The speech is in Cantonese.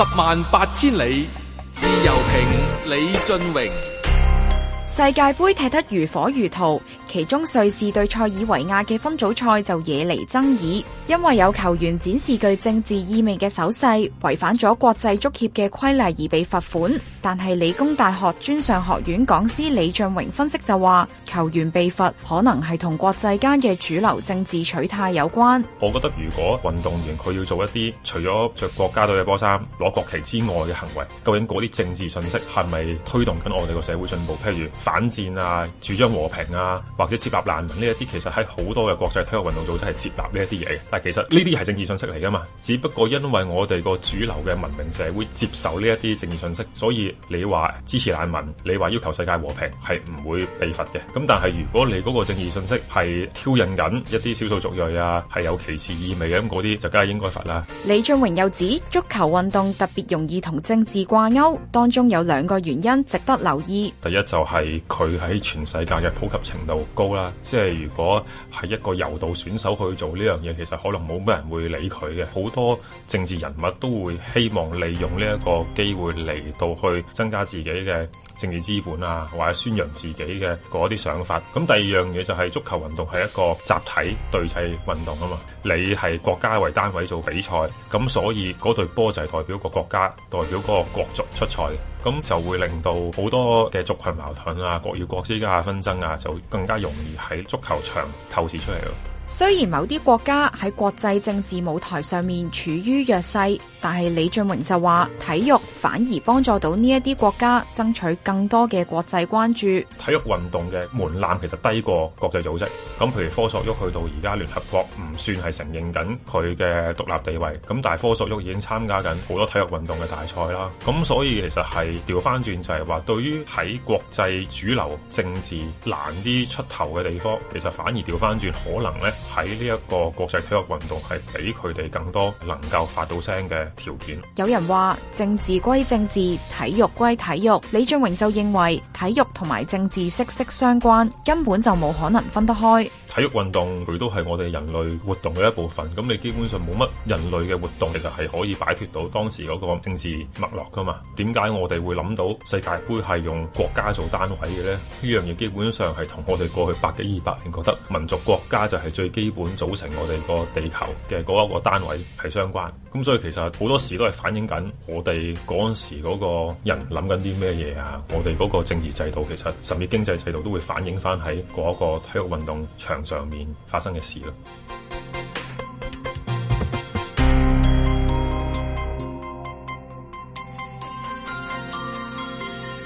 十萬八千里，自由評李峻嶸。世界杯踢得如火如荼，其中瑞士對塞爾維亞嘅分組賽就惹嚟爭議，因為有球員展示具政治意味嘅手勢，違反咗國際足協嘅規例而被罰款。但係理工大學專上學院講師李峻嶸分析就話，球員被罰可能係同國際間嘅主流政治取態有關。我覺得如果運動員佢要做一啲除咗着國家隊嘅波衫，攞國旗之外嘅行為，究竟嗰啲政治信息係咪推動緊我哋個社會進步？譬如反戰啊、主張和平啊，或者接納難民呢一啲，其實喺好多嘅國際體育運動組織係接納呢一啲嘢。但其實呢啲係政治信息嚟㗎嘛，只不過因為我哋個主流嘅文明社會接受呢一啲政治信息，所以。你話支持難民，你話要求世界和平，係唔會被罰嘅。咁但係如果你嗰個正義信息係挑釁緊一啲少數族裔啊，係有歧視意味嘅，咁嗰啲就梗係應該罰啦。李峻嶸又指足球運動特別容易同政治掛鈎，當中有兩個原因值得留意。第一就係佢喺全世界嘅普及程度高啦，即係如果係一個柔道選手去做呢樣嘢，其實可能冇咩人會理佢嘅。好多政治人物都會希望利用呢一個機會嚟到去。增加自己嘅政治資本啊，或者宣揚自己嘅嗰啲想法。咁第二樣嘢就係足球運動係一個集體對砌運動啊嘛，你係國家為單位做比賽，咁所以嗰隊波就係代表個國家，代表嗰個國族出賽，咁就會令到好多嘅族群矛盾啊、國與國之間嘅紛爭啊，就更加容易喺足球場透視出嚟咯。雖然某啲國家喺國際政治舞台上面處於弱勢，但係李峻嶸就話：體育反而幫助到呢一啲國家爭取更多嘅國際關注。體育運動嘅門檻其實低過國際組織。咁譬如科索沃去到而家聯合國唔算係承認緊佢嘅獨立地位，咁但係科索沃已經參加緊好多體育運動嘅大賽啦。咁所以其實係調返轉就係話，對於喺國際主流政治難啲出頭嘅地方，其實反而調返轉可能呢。喺呢一個國際體育運動係俾佢哋更多能夠發到聲嘅條件。有人話，政治歸政治，體育歸體育。李峻嶸就認為，體育同埋政治息息相關，根本就冇可能分得開。體育運動佢都係我哋人類活動嘅一部分，咁你基本上冇乜人類嘅活動其實係可以擺脫到當時嗰個政治脈絡噶嘛。點解我哋會諗到世界杯係用國家做單位嘅呢？呢樣嘢基本上係同我哋過去百幾二百年覺得民族國家就係最基本組成我哋個地球嘅嗰一個單位係相關。咁所以其實好多時都係反映緊我哋嗰陣時嗰個人諗緊啲咩嘢啊，我哋嗰個政治。制度其實甚至經濟制度都會反映翻喺嗰個體育運動場上面發生嘅事咯。